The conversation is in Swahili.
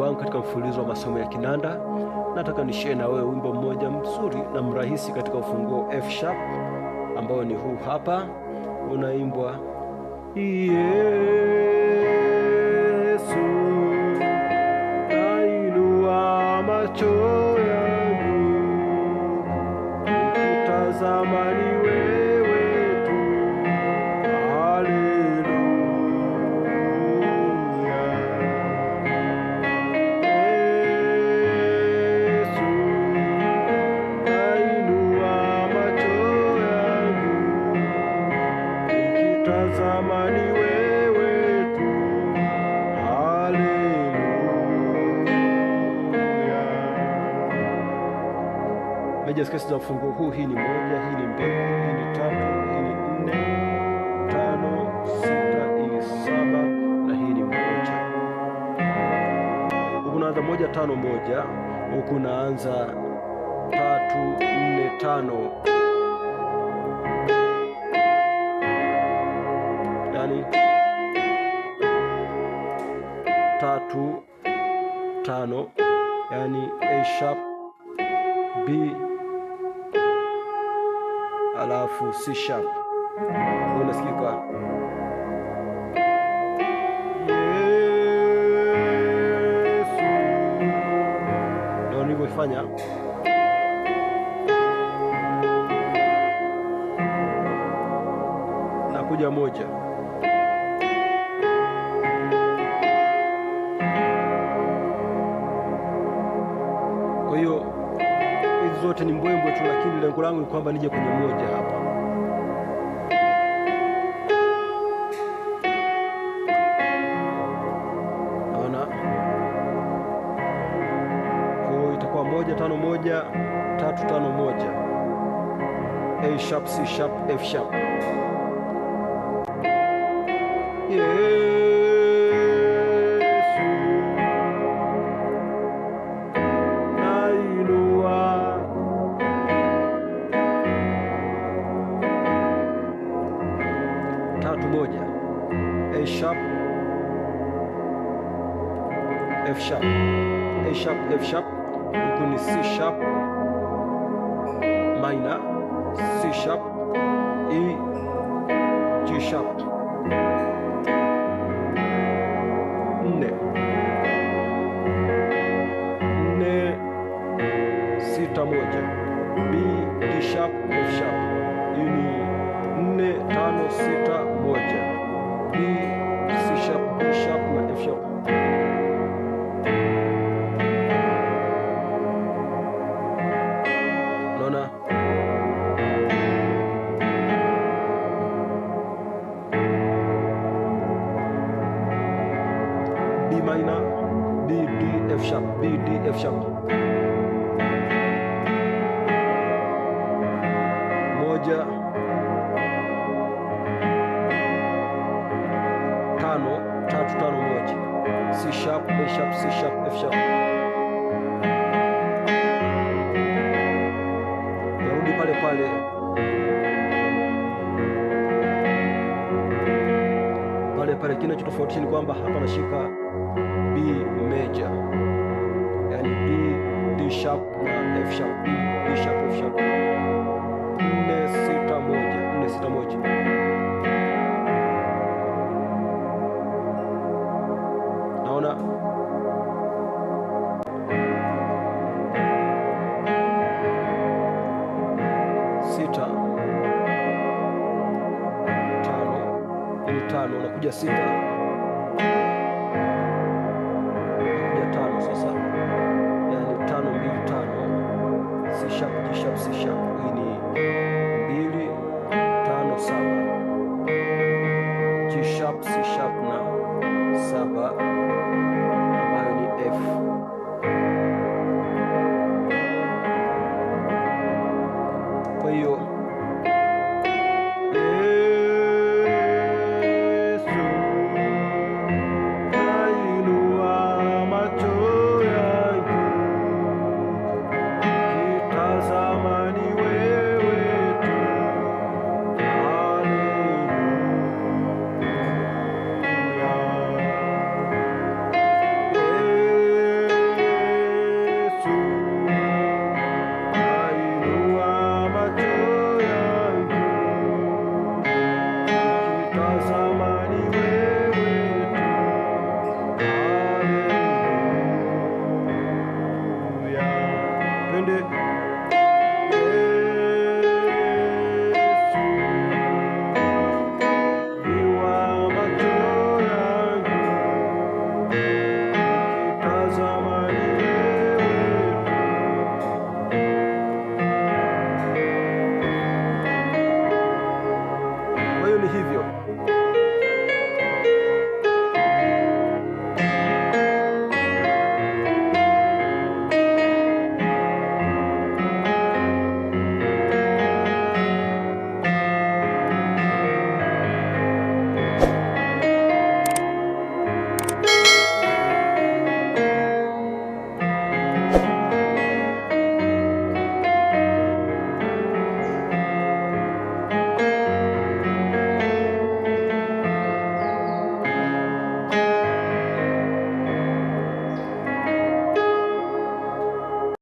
wangu katika mfululizo wa masomo ya kinanda, nataka nishie na wewe wimbo mmoja mzuri na mrahisi katika ufunguo F sharp ambao ni huu hapa, unaimbwa yeah. tazama ni wewe tu. Haleluya. Meja skesi za mfungo huu, hii ni moja, hii ni mbili, hii ni tatu, hii ni nne, tano, sita, hii ni saba na hii ni moja. Ukunaanza moja tano moja, huku naanza tatu nne tano tatu tano, yani A sharp B alafu C sharp. Unasikika ndio nilivyoifanya. Nakuja moja zote ni mbwembwe tu, lakini lengo langu ni kwamba nije kwenye moja hapa. Naona ko itakuwa moja tano moja tatu tano moja A sharp C sharp F sharp yeah. tatu moja A sharp F sharp A sharp F sharp, huku ni C sharp minor C sharp E G sharp B minor, B, D, F sharp, B, D, F sharp. Moja, tano, tatu, tano, moja. C sharp, A sharp, C sharp, F sharp. lakini kinachotofautisha ni kwamba hapa nashika B major, yani B, D sharp na F sharp, D sharp, F sharp. Nne sita moja, nne sita moja. tano, unakuja sita, unakuja tano. Sasa yani tano mbili tano, C sharp G sharp C sharp, hii ni mbili tano saba, G sharp C sharp na saba ambayo ni F. Kwa hiyo Savior.